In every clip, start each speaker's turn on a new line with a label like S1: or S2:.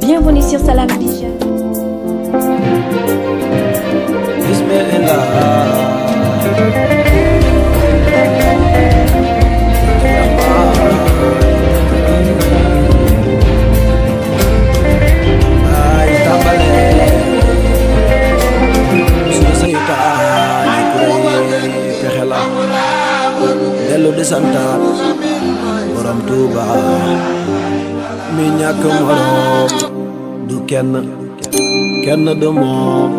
S1: Bienvenue sur Salam Vision.
S2: dellu di santaat borom Tuuba mi ñàkk moroom du kenn kenn du moom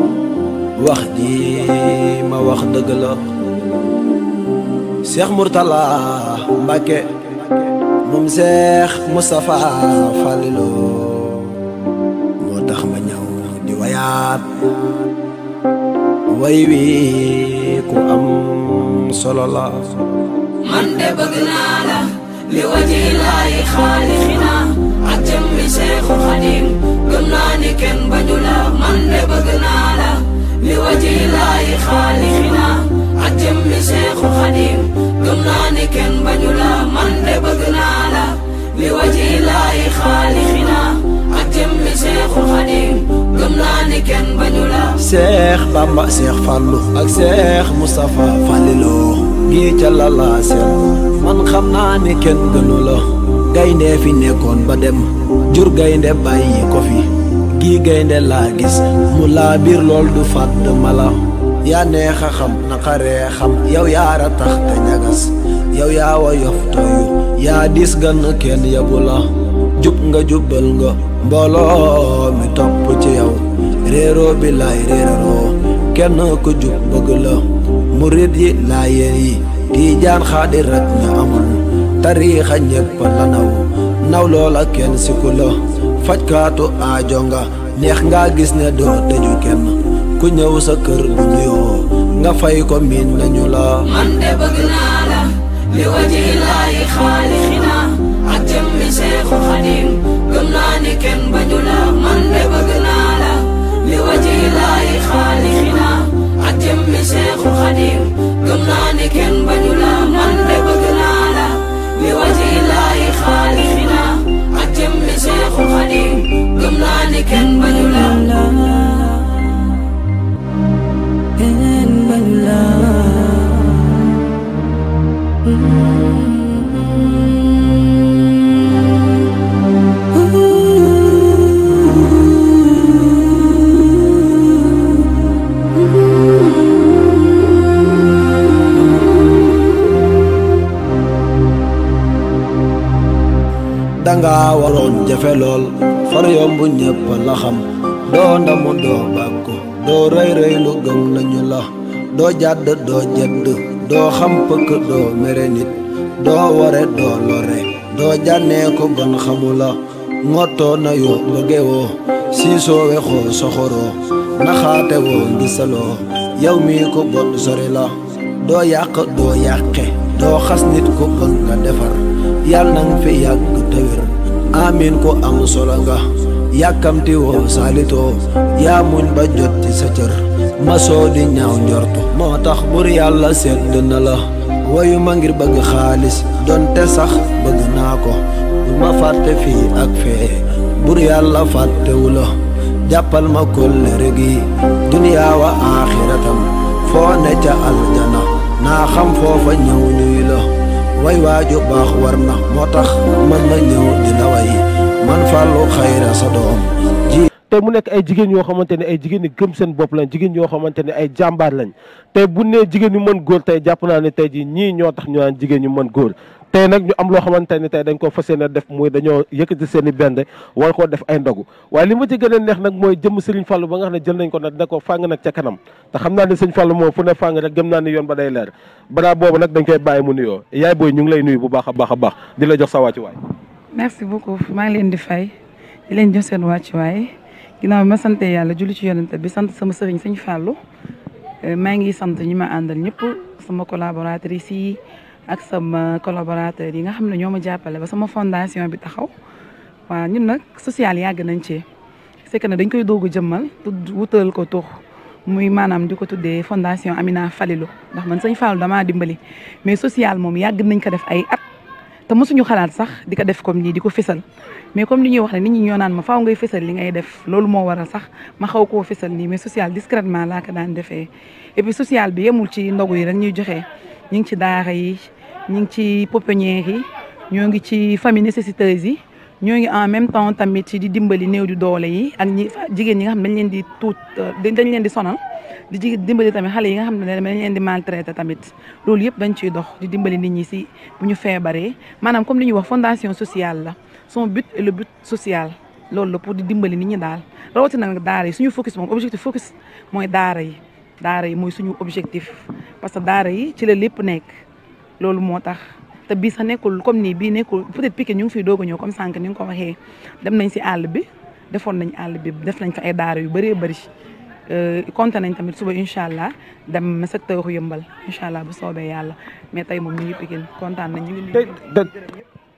S2: wax ji ma wax dëgg la Cheikh Mourtala Mbacke moom Cheikh Moustapha Fallilo moo tax ma ñëw di wayaat way ku am solo
S3: man de bëgg naa li waji laayi xaalixina ak jëm bi Seexu Xadim gëm naa kenn bañu man de li waji laayi xaalixina ak jëm Seexu Xadim gëm naa kenn bañu man de li waji laayi xaalixina ak jëm Seexu Xadim gëm naa kenn bañu
S2: Seex Bamba Seex Fallu ak Seex Mustafa Falilu gi ca man xam naa kenn gënu gayndee fi nekkoon ba dem jur gaynde bàyyi ko fi gii gaynde laa gis mu laa biir lool du fàdd mala yaa neex a xam naqaree xam yow yaara tax te ñagas yow yaa wa yof toyu yaa dis gan kenn yabu la jub nga jubbal nga mbooloo mi topp ci yow réeroo bi laay réeroo kenn ko jub bëgg murit yi laayeen yi tiijaan xaadir rek ña amul tariixa ñépp la naw naw loola kenn si la fajkaatu aajo nga neex ngaa gis ne doo tëju kenn ku ñëw sa kër bu nuyoo nga fay ko miin nañu la
S3: man de bëgg naa la li waji laayi xaalixina ak jëmmi seexu xadim gëm naa ni kenn bañu man de bëgg naa la li waji laayi xaalixina ak jëmmi seexu xadim gëm naa ni kenn bañu man de bëgg
S1: لوجه الله خالقنا
S3: ak jëmm Seexul Xadiim gëm naa ne kenn bañu la kenn bañu la
S2: danga waroon jafe lool far yomb ñëpp la xam doo ndamu doo bàkku doo rëy lu gëm nañu la doo jàdd doo jedd doo xam pëkk doo mere nit doo ware doo lore doo jànnee ko bon xamu la ngottoo na yoo bëggewoo siisoo wexoo soxoroo naxaate woo gisaloo yow mii ko bon sori la doo yàq doo yàqe doo xas nit ko bon defar yàlla na fi yàgg te amin ko am solo nga yàkkamti woo saalitoo yaa muñ ba jot ci sa cër masoo di ñaaw njortu moo tax bur yàlla sedd na la wayu ngir bëgg xaalis donte sax bëgg naa ko du ma fàtte fii ak fee bur yàlla fàttewu jàppal ma kóllëre gi duniyaa wa aaxiratam foo ne ca aljana naa xam foofa ñëw ñuy way waaju baax war na moo tax man la ñëw way man fàllu
S4: xayra sa doom ji tey mu nekk ay jigéen yoo xamante ne ay jigéen yi gëm seen bopp lañ jigéen yoo xamante ne ay jàmbaar lañ tey bu nee jigéen ñu mën góor tey jàpp naa ne tey ji ñii ñoo tax ñu jigéen ñu mën góor tey nag ñu am loo xamante ni tey dañ koo fas yéene def muy dañoo yëkkati seeni benn bende war koo def ay ndogu waaye li ma ci gën a neex nag mooy jëm Serigne Fallou ba nga ne jël nañ ko nag ne ko fàng nag xam naa ne Serigne Fallou moom fu ne fàng rek gëm yoon ba day leer balaa boobu nag dañ koy bàyyi mu nuyoo yaay booy ñu ngi lay nuyu bu baax a baax a baax la jox sa wàccuwaay
S5: maa ngi leen di fay di leen jox seen wàccuwaay ginnaaw bi ma sante yàlla julli ci yonente bi sant sama sëriñ Serigne Fallou euh, maa ngi sant ñi ma àndal ñëpp sama collaboratrice yi ak sama collaborateurs yi nga xam ne ñoo ma jàppale ba sama fondation bi taxaw waaw ñun nag social yàgg nañ ci c'est na dañ koy doog a jëmmal wutal ko tux muy maanaam di ko tuddee fondation Amina Falilou ndax man sëñ Fallou damaa dimbali mais social moom yàgg nañ ko def ay at te mosuñu xalaat sax di ko def comme nii di ko fësal mais comme li ñuy wax ne nit ñi ñoo naan ma faaw ngay fësal li ngay def loolu moo waral sax ma xaw koo fësal nii mais social discrètement laa ko daan defee et social bi yemul ci ndogu yi rek ñuy joxe ñu ngi ci pouponnières yi ñoo ngi ci famille nécessiteuse yi ñoo ngi en même temps tamit ci di dimbali néew di doole yi ak ñi jigéen ñi nga xam ne leen di tuut dañ leen di sonal di ji dimbali tamit xale yi nga xam ne dañ leen di maltraité tamit loolu yëpp dañ ciy dox di dimbali nit ñi si bu ñu feebaree maanaam comme li ñuy wax fondation social la son but est le but social loolu la pour di dimbali nit ñi daal rawatina nag daara yi suñu focus moom objectif focus mooy daara yi daara yi mooy suñu objectif parce que daara yi ci la lépp nekk. loolu moo tax te bii sax nekkul comme nii bii nekkul peut-être piqué ñu ngi fiy doog a ñëw comme sànq ni nga ko waxee dem nañ si àll bi defoon nañ àll bi def nañ fa ay daara yu bëree bëri compté euh, nañ tamit suba incha allah dem secteur yëmbal incha allah bu soobee yàlla mais tey moom ñu ngi piqué kontaan nañ ñu ngi.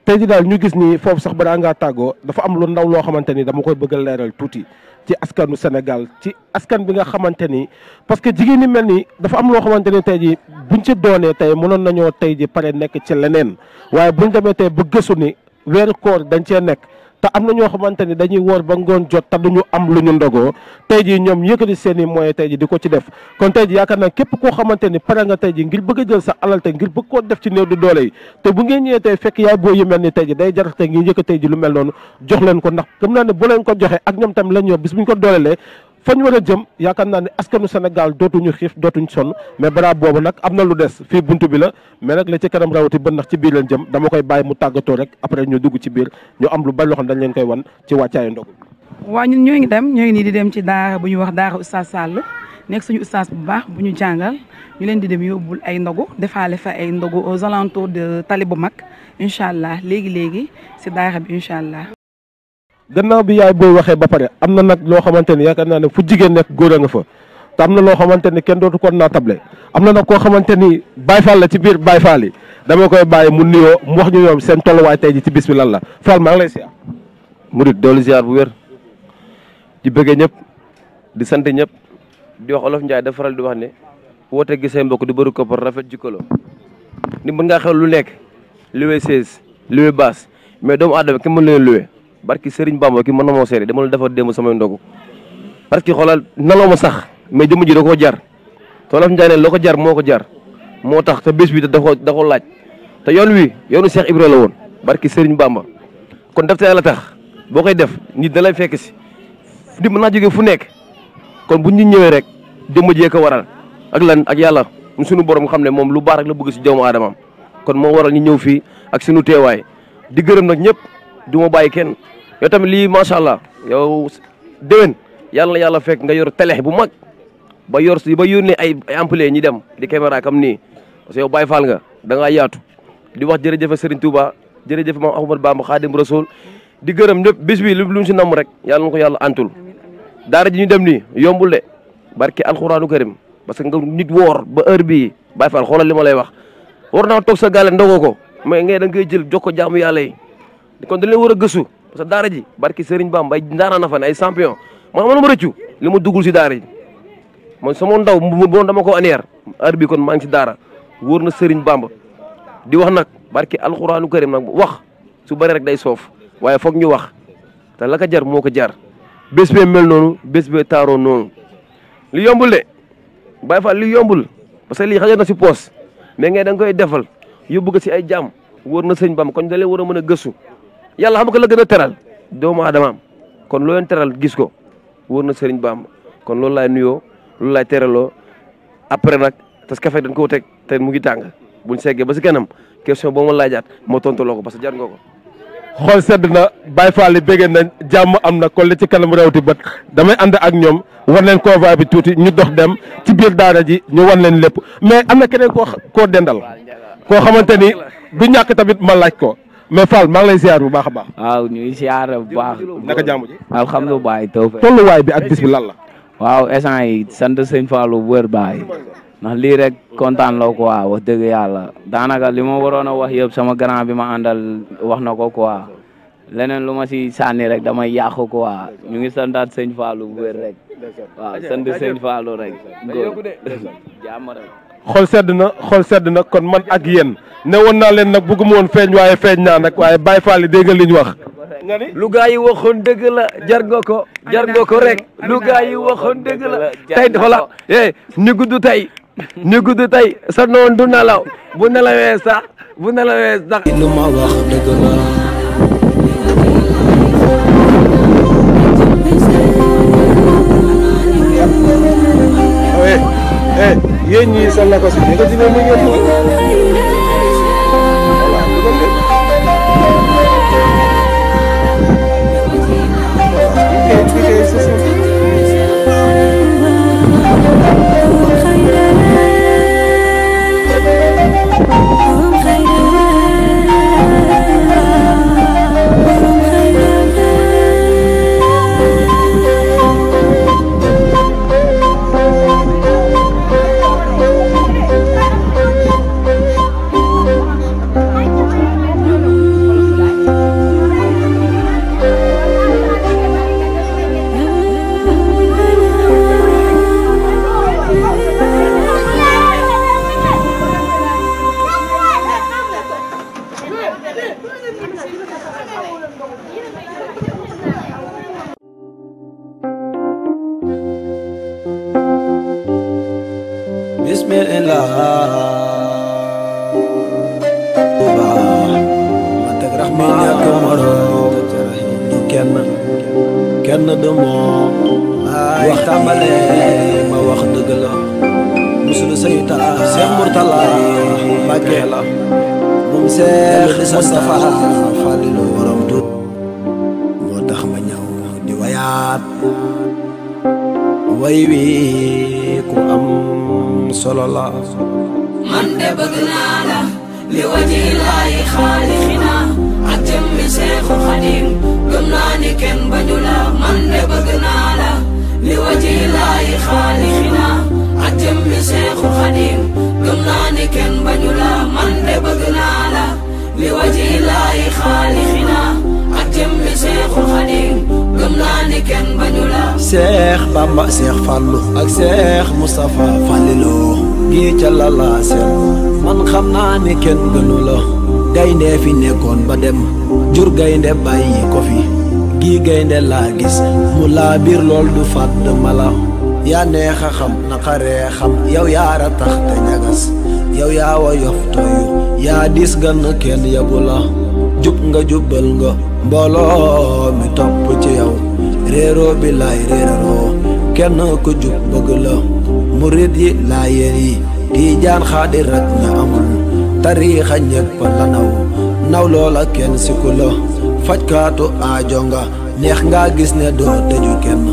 S4: tey jii daal ñu gis ni foofu sax balaa ngaa tàggoo dafa am lu ndaw loo xamante ni dama koy bëgg leeral tuuti. ci askanu Sénégal ci askan bi nga xamante ni parce que jigéen ñi mel ni dafa am loo xamante ni tey jii buñ ci doonee tey mënoon nañoo tey ji pare nekk ci leneen waaye bu buñ demee tey bu gëstu ni weeru koor dañ cee nekk. te am na ñoo xamante ni dañuy woor ba ngoon jot te duñu am lu ñu ndogoo tey jii ñoom yëkkati seen i moyens tey ji di ko ci def kon tey ji yaakaar naa képp koo xamante ni pare nga tey ji ngir bëgg jël sa alal te ngir bëgg koo def ci néew di doole yi te bu ngeen ñëwee tey fekk yaay boo yu mel ni tey ji day jarax tey ngeen yëkkati tey ji lu mel noonu jox leen ko ndax gëm naa ne bu leen ko joxee ak ñoom tam la ñoo bis buñ ko doolelee fa ñu war a jëm yaakaar naa ne askanu Sénégal dootuñu xiif dootuñu son mais balaa boobu nag am na lu des fi buntu bi la mais nag la ci karam rawati bën ndax ci biir leen jëm dama koy bàyyi mu tàggatoo rek après ñu dugg ci biir ñu am lu bari xam dañ leen koy wan ci wàccaayu ndog
S5: waaw ñu ñoo ngi dem ñoo ngi nii di dem ci daara bu ñu wax daara oustaz Sall nekk suñu oustaz bu baax bu ñu jàngal ñu leen di dem yóbbul ay ndogu defaale fa ay ndogu aux alentours de tali bu mag incha allah léegi-léegi si daara incha allah
S4: gannaaw bi yaay booy waxee ba pare am na nag loo xamante ni yaakaar naa ne fu jigéen nekk góor a nga fa te am na loo xamante ni kenn dootu kon naa table am na nag koo xamante ni Baye Fall la ci biir baay Fall yi dama koy bàyyi mu nuyoo mu wax ñu ñoom seen tolluwaay tey ji ci bis bi lan la Fall maa ngi lay ziar. Murid doolu ziar bu wér di bëggee ñëpp di sant ñëpp
S6: di wax olof Ndiaye dafa faral di wax ne woote gisee say mbokk di bëri koppar rafet jikkaloo ni mën ngaa xew lu nekk luwe sées luwe baas mais doomu aadama mën leen ki Serigne Bamba ki mën na moo seeri dama la defar démb samay ndogu parce que xoolal naloo ma sax mais jëmm ji da koo jar te wolof Njaay ne loo ko jar moo ko jar moo tax te bés bi da ko da ko laaj te yoon wi yoonu Cheikh Ibra la woon barki Serigne Bamba kon def te yàlla tax boo koy def nit da lay fekk si nit ma naa jóge fu nekk kon bu ñu ñëwee rek jëmm jee ko waral ak lan ak yàlla mu sunu borom xam ne moom lu baax rek la bëgg si doomu aadamam kon moo waral ñu ñëw fii ak sunu teewaay di gërëm nag ñëpp du yow tamit lii macha allah yow déwén yàlla na fekk nga yor télé bu mag ba yor si ba yónnee ay ay employé ñi dem di caméra comme nii parce que yow Baye Fall nga da ngaa yaatu di wax jërëjëf Serigne Touba jërëjëf Maam Ahmad Bamba Xaadim Rasul di gërëm ñëpp bis bi lu mu si nam rek yàlla na ko yàlla antul daara ji ñu dem nii yombul de barke alxuraanu karim parce que nga nit woor ba heure bii Baye xoola xoolal li ma lay wax war naa toog sa gaale ndogoo ko mais nga da ngay jël jox ko yàlla yi parce daara ji barki Serigne Bamba ay ndaanaan na fa ne ay champion man manuma rëccu li ma duggul si daara ji man sama ndaw bon dama ko aneer heure bi kon maa ngi si daara wóor na Serigne Bamba di wax nag barki alxuraanu karim nag wax su bari rek day soof waaye foog ñu wax te la ko jar moo ko jar bés bee mel noonu bés bee taaroo noonu li yombul de Baye Fall li yombul parce que lii xajoon na si poos mais ngay da nga koy defal yóbbu ko si ay jàmm wóor na sëñ Bamba kon da war a mën a gëstu yàlla xam ko la gën a teral doomu aadamaam kon loo leen teral gis ko wóor na Sëriñ Bamba kon loolu laay nuyoo loolu laay teraloo après nag tas kafe dañ koo teg te mu ngi tàng buñ seggee ba si kanam question boo
S4: ma laajaat moo tontuloo ko parce que jaar nga ko. xool sedd na Baye Fall yi na nañ jàmm am na kon ci kanam rawati bët damay ànd ak ñoom wan leen convoi bi tuuti ñu dox dem ci biir daara ji ñu wan leen lépp mais am na keneen koo koo dendal koo xamante ni du ñàkk tamit ma laaj ko. mais Fall maa ngi lay ziar bu baax a baax.
S6: waaw ñuy ziar bu baax. naka jàmm ji. alhamdulilah tawfeex. tolluwaay bi ak bis bi lan la. waaw instant yi sant sëñ bu wër baay ndax lii rek kontaan la quoi wax dëgg yàlla daanaka li ma waroon a wax yëpp sama grand bi ma àndal wax na ko quoi leneen lu ma si sànni rek damay yàqu quoi ñu ngi santaat sëñ Fallou wër rek waaw sant sëñ Fallou rek góor jàmm rek.
S4: xol sedd na xol sedd na kon man ak yéen. ne woon naa leen nag bëgguma woon feeñ waaye feeñ naa nag waaye Baye Fall dégg nga li ñu wax.
S6: lu gaa yi waxoon dëgg la jar nga ko jar nga ko rek lu gaa yi waxoon dëgg la tey xoolal eh ñu gudd tey ñu gudd dëgg la.
S4: Eh, eh, yéen ñii ko si.
S3: wax tàmbalee
S2: ma wax dëgg la musulu sayu tala Seex Murtala Mbàkke la moom Seex Mustafa Fàllilu waram tut moo ma ñëw di wayaat way ku am solo
S3: man de bëgg naa la li waji xaalixina ak jëmmi Seexu Xadim bañu la man de bëgg naa la li waji laay xaalixina ak jëmmi seexu xadim gëm naa kenn bañu man de bëgg naa la li waji laay xaalixina ak jëmmi seexu xadim gëm naa kenn bañu la
S2: seex bamba seex fàllu ak seex mustafa fàlliloo gi ca la man xam naa ni kenn gënu la gaynde fi ba dem jur gaynde bàyyi ko fi gi gaynde laa gis mu laa biir lool du fàdd mala yaa neex a xam naqaree xam yow yaara tax te ñagas yow yaa wa yof toyu yaa diis gan kenn yabu jub nga jubbal nga mbooloo mi topp ci yow réeroo bi laay réeraroo kenn ko jub bëgg la murit yi laayeen yi tiijaan xaadir ak ña amul tariixa ñépp la naw naw loola kenn siku fajkaatu aajo nga neex nga gis ne doo tëju kenn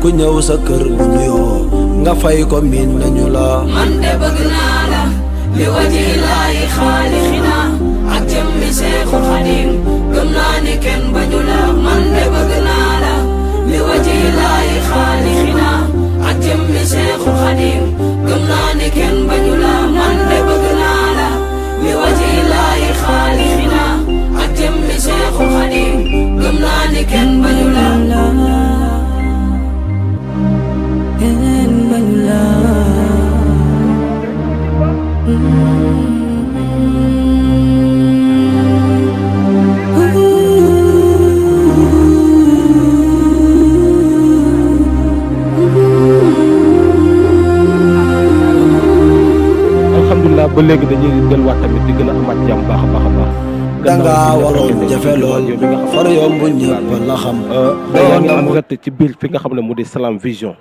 S2: ku ñëw sa kër bu nuyoo nga fay ko miin nañu la
S3: man de bëgg naa la li waji xaalixina ak jëmmi seexu xadim gëm naa ni kenn bañu man de bëgg naa
S4: lool far yombu ñëpp la xam. yaa am rett ci biir fi nga xam ne mu di salaam Vision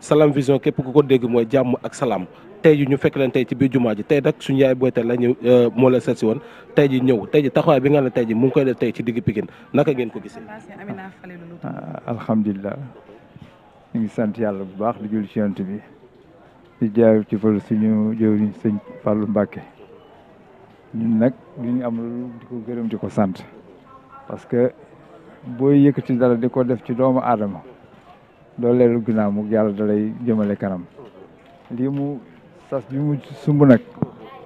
S4: Salam Vision képp ku ko dégg mooy jàmm ak salaam tey ji ñu fekk leen tey ci biir jumaa ji tey rek suñu yaay boyte la ñëw euh, moo la seet woon tey ji ñëw tey ji taxawaay bi nga ne tey ji mu ngi koy def tey ci digg Pikine naka ngeen ko gisee. Ah,
S1: alhamdulilah ñu sant yàlla bu baax di jul ci yonent bi di jaay ci fal suñu jëwriñ sëñ Fallou Mbacke ñun nag ñu am lu di ko gërëm di ko sant. parce que booy yëkkati dara di ko def ci doomu aadama doo leelu ginnaaw mu yàlla da lay jëmale kanam lii mu sas bi mu sumb nag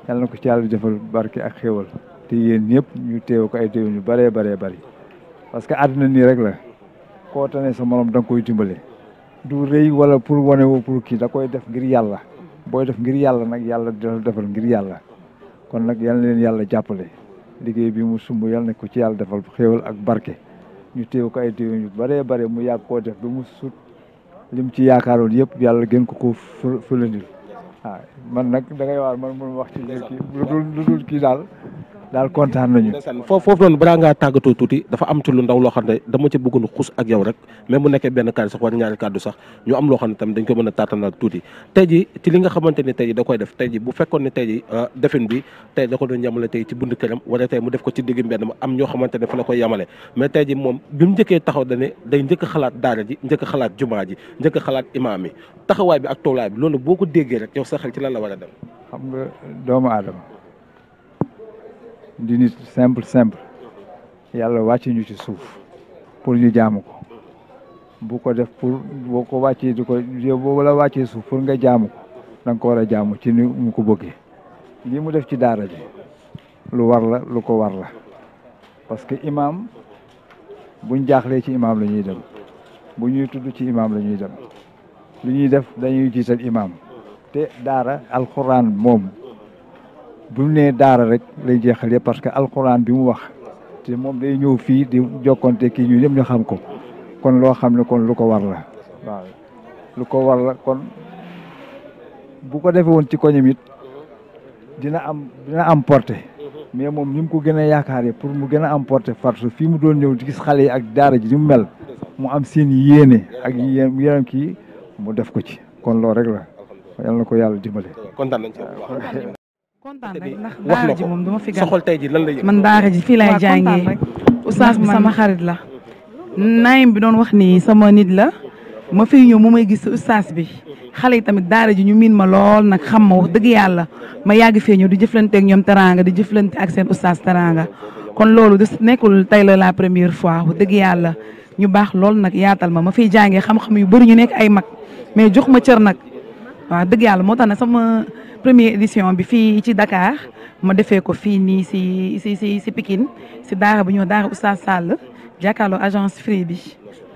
S1: yàlla na ko ci yàlla jëfal barke ak xéewal te yéen ñëpp ñu teew ko ay ñu bëree bëree bëri parce que àddina nii rek la koo sa morom da koy dimbale du rëy wala pour wane pour kii da koy def ngir yàlla booy def ngir yàlla nag yàlla dina defal ngir yàlla kon nag yal leen yàlla jàppale liggéey bi mu sumb yàlla na ko ci yàlla defal xéewal ak barke ñu téew ko ay téew ñu baree bare mu yàgg koo def ba mu sut lim ci yaakaaroon yëpp yàlla gën ko ko fulandil waaw man nag dangay ngay waar man mun wax ci lu dul lu dul kii daal daal kontaan nañu. foofu
S4: foofu noonu balaa ngaa tàggatoo tuuti dafa am ci lu ndaw loo xam dama ca bëggoon xus ak yow rek même bu nekkee benn kàddu sax wala ñaari kàddu sax ñu am loo xam dañ ko mën a taatanal tuuti tey ji ci li nga xamante ni tey koy def tey ji bu fekkoon ne tey ji euh, defin bi tey da ko doon yamale tey ci bund këram wala tey mu def ko ci digg mbedd ma am ñoo xamante ne fa la koy yamale mais tey ji moom bi mu njëkkee taxaw dane day njëkk xalaat daara ji njëkk xalaat jumaa ji njëkk xalaat imaam yi taxawaay bi ak bi loolu boo ko déggee rek yow sa xel ci la war a dem
S1: xam nga doomu aadama di nit simple simple yàlla wàcc ñu ci suuf pour ñu jaamu ko bu ko def pour boo ko wàccee di ko boo la wàccee suuf pour nga jaamu ko da nga ko war a jaamu ci ni mu ko bëggee lii mu def ci daara ji lu war la lu ko war la parce que imam buñ jaaxlee ci imam la ñuy dem bu ñuy tudd ci imam la ñuy dem lu ñuy def dañuy jiital imam te daara alxuraan moom bu mu nee daara rek lay jeexalee parce que alxuraan bi mu wax te moom day ñëw fii di jokkonte kii ñu ñëpp ñu xam ko kon loo xam ne kon lu ko war la waaw lu ko war la kon bu ko defee woon ci koñam dina am dina am porté mais moom ni mu ko gën a yaakaaree pour mu gën a am porté farce fii mu doon ñëw di gis xale yi ak daara ji ni mu mel mu am seen yéene ak yéen kii mu def ko ci kon loolu rek la yal na ko yàlla dimbale
S4: kontaan rek ndax daara ji moom duma ma gan soxol tey ji lan la man daara laay jàngee
S5: oustaz bi sama xarit la naayim bi doon wax ni sama nit la ma fiy ñëw mu may gis oustaz bi xale yi tamit daara ji ñu miin ma lool nag xam ma wax dëgg yàlla ma yàgg fee ñëw di jëflante ak ñoom teraanga di jëflante ak seen oustaz teraanga kon loolu du nekkul tey la la première fois wax dëgg yàlla ñu baax lool nag yaatal ma ma fi jàngee xam-xam yu bëri ñu nekk ay mag mais jox ma cër nag waaw dëgg yàlla moo première édition bi fii ci Dakar ma defee ko fii nii si si si si Pikine si daara bu ñëw daara Oustaz Sall jàkkaarloo agence Free bi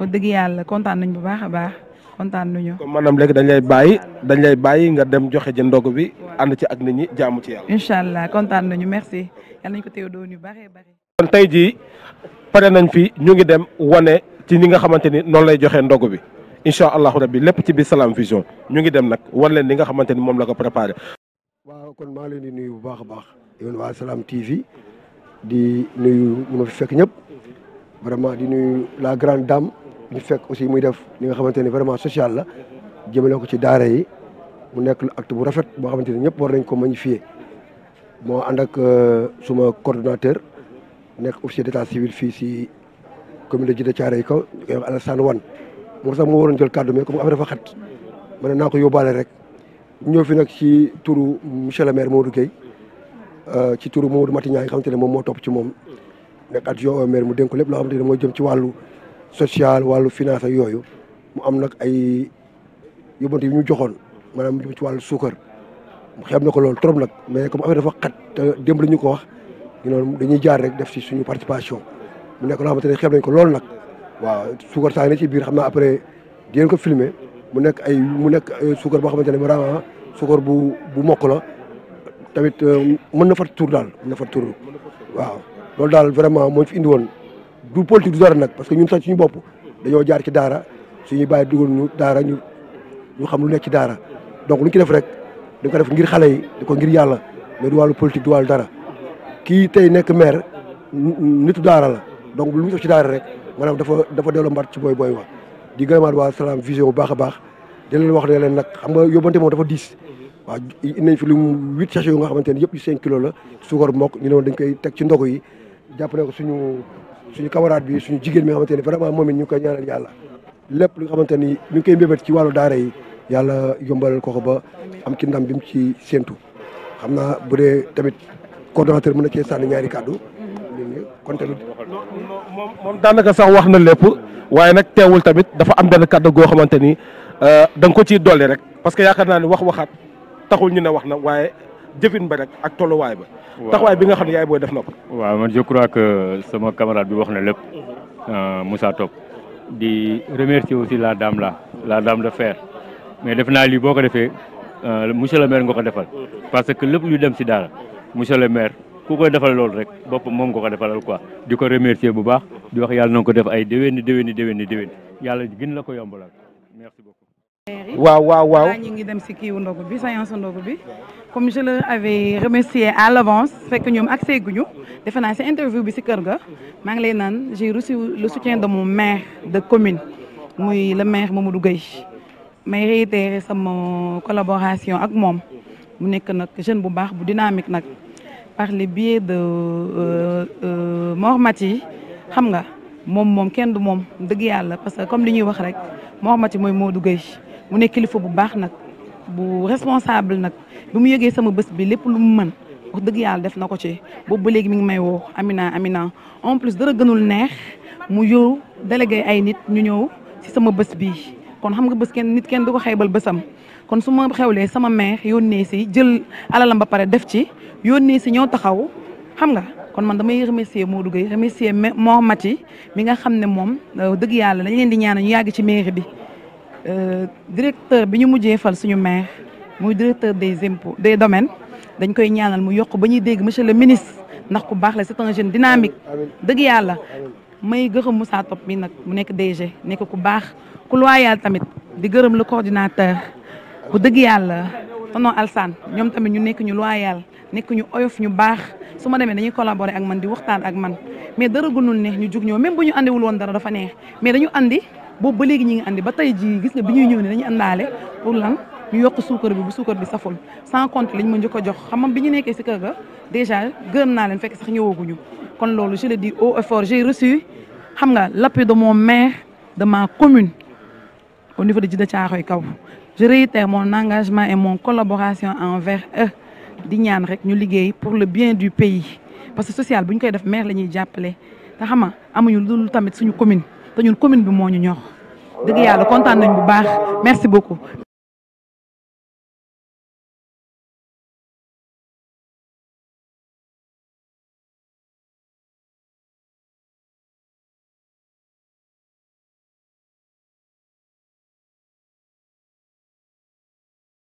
S5: wax dëgg yàlla kontaan nañ bu baax a baax kontaan nañu. comme maanaam
S4: léegi dañ lay bàyyi dañ lay bàyyi nga dem joxe ji ndog bi ànd ci ak nit ñi jaamu ci yàlla.
S5: incha allah kontaan nañu merci yal nañu ko teew doon yu
S4: bëree bëri. kon tey jii pare nañ fi ñu ngi dem wane ci ñi nga xamante ni noonu lay joxe ndog bi. incha allahu rabbi lépp ci biir Salam Vision ñu ngi dem nag wan leen xamante ni moom la ko
S7: waaw kon maa ngi leen di nuyu bu baax a baax yéen waa Salam TV di nuyu ñu fi fekk ñëpp vraiment di nuyu la grande dame ñu fekk aussi muy def li nga xamante ne vraiment sociale la jëmale ko ci daara yi mu nekk lu acte bu rafet boo xamante ne ñëpp war nañ ko magnifier moo ànd ak euh, suma coordonnateur nekk officier d'état civil fii si commune de Djiddah Thiaroye Kaw Alassane Wane moom sax moo waroon jël kàddu mais comme affaire dafa xat ma ne naa ko yóbbaale rek ñëw fi nag ci turu monsieur le maire Modou Gueye euh, ci turu Modou Matigna nga xamante ne moom moo topp ci moom nekk adjoint au mu dénk ko lépp loo xamante ne mooy jëm ci wàllu social wàllu finance yooyu mu am nag ay yóbbante yu ñu joxoon maanaam mu jëm ci wàllu suukar xam na ko loolu trop nag mais comme affaire dafa xat te démb lañu ko wax ñu noonu dañuy jaar rek def si suñu participation mu nekk loo xamante ne xeeb nañ ko loolu nag waaw suukar saa ngi ne ci biir xam naa après di ko filmer mu nekk ay mu nekk suukar boo xamante ne vraiment suukar bu bu mokk la tamit euh, mën na far tur daal mën na far tur waaw loolu daal vraiment moo fi indi woon du politique du dara nag parce que ñun sax suñu bopp dañoo jaar ci daara suñuy bàyyi dugal ñu daara ñu ñu xam lu nekk ci daara donc lu ñu ci def rek dañ ko def ngir xale yi di ko ngir yàlla wàllu politique du dara kii tey nekk maire nitu daara la donc lu ñu def ci daara rek maanaam dafa dafa delloo mbaat ci booy booy wa di gërëmaat waa Salam Vision bu baax a baax di leen wax ne leen nag xam nga yóbbante moom dafa diis mhm. waaw nañ fi lu mu huit sachets yu nga xamante ne yëpp yu cinq kilos la suukar ñu ne woon koy teg ci ndogu yi jàpp ne ko suñu suñu camarade bi suñu jigéen mi nga xamante ne vraiment moom it ñu koy ñaanal yàlla lépp li nga xamante ni ñu ngi koy mbébét ci wàllu daara yi yàlla yombalal ko ko ba am ci ndam bi mu ci séentu xam naa bu dee tamit coordonnateur mën na cee sànni ñaari kàddu mhm. kon tamit moom daanaka sax wax na waaye nag teewul tamit
S4: dafa am benn kàddu goo xamante ni euh, da ko ci dolli rek parce que yaakaar naa ne wax waxaat taxul ñu ne wax na waaye jëfin ba rek ak tolluwaay ba. waaye bi nga xam yaay booy def na ko. waaw ma je crois que sama camarade bi wax na lépp mhm. euh, Moussa Top di remercier aussi la dame là la dame de fer mais def naa lii boo ko defee euh, monsieur le maire nga ko defal mhm. parce que lépp luy dem si daal monsieur le maire. ku koy defal loolu rek bopp moom nga ko defalal quoi di ko remercier bu baax di wax yàlla na ko def ay déwéni déwéni déwéni déwéni a gën la ko yombalal merci beaucoup.
S5: waaw waaw waaw ñu ngi dem si kii wu ndogu bi séance ndogu bi comme je le avais à l'avance fekk ñoom accès guñu defe naa si interview bi si kër ga maa ngi lay naan j'ai reçu le soutien de mon maire de commune muy le maire Mamadou Gueye may réitérer sama collaboration ak par le biais de euh, euh, Mor Maty xam nga moom moom kenn du moom dëgg yàlla parce que comme li ñuy wax rek Mor Maty mooy Modou Gueye mu nekk kilifa bu baax nag bu responsable nag bi mu yëgee sama bës bi lépp lu mu mën wax dëgg yàlla def na ko ci boobu ba léegi mi ngi may woo Amina Amina en plus dara gënul neex mu yow délégué ay nit ñu ñëw ci sama bës bi kon xam nga bés kenn nit kenn du ko xeebal bésam kon su ma xewlee sama mère yónnee ci jël alalam ba pare def ci yónnee si ñoo taxaw xam nga kon man damay remercier Modou Gueye remercier moo Mati mi nga xam ne moom euh, dëgg yàlla dañ leen di ñaan ñu yàgg ci mairie bi euh, directeur bi ñu mujjee fal suñu maire muy directeur des impôts des domaines dañ koy ñaanal mu yokk ba ñuy dégg monsieur le ministre ndax ku baax la si un jeune dëgg yàlla may gërëm Moussa Top mi nag mu nekk DG nekk ku baax ku loyal tamit di gërëm le coordinateur dëgg yàlla tonton Alsane ñoom tamit ñu nekk ñu loyal nekk ñu oyof ñu baax su ma demee dañuy collaborer ak man di waxtaan ak man mais dara gunul ne ñu jug ñëw même bu ñu andiwul woon dara dafa neex mais dañu andi boobu ba léegi ñi ngi andi ba tey ji gis nga bi ñuy ñëw ne dañu àndaale pour lan ñu yokk suukar bi bu suukar bi saful sans compte lañ ma njëkk a jox xam nga bi ñu nekkee si kër ga déjà gërëm naa leen fekk sax ñëwooguñu kon loolu je le di haut et fort j'ai xam nga l'appui de mon maire de ma commune au niveau de Djiddah Thiaroye Kao je réitère mon engagement et mon collaboration envers eux di ñaan rek ñu liggéey pour le bien du pays parce que social bu ñu koy def maire la ñuy jàppale te xam nga amuñu lu tamit suñu commune te ñun commune bi moo ñu ñor
S3: dëgg yàlla kontaan nañ bu baax merci beaucoup.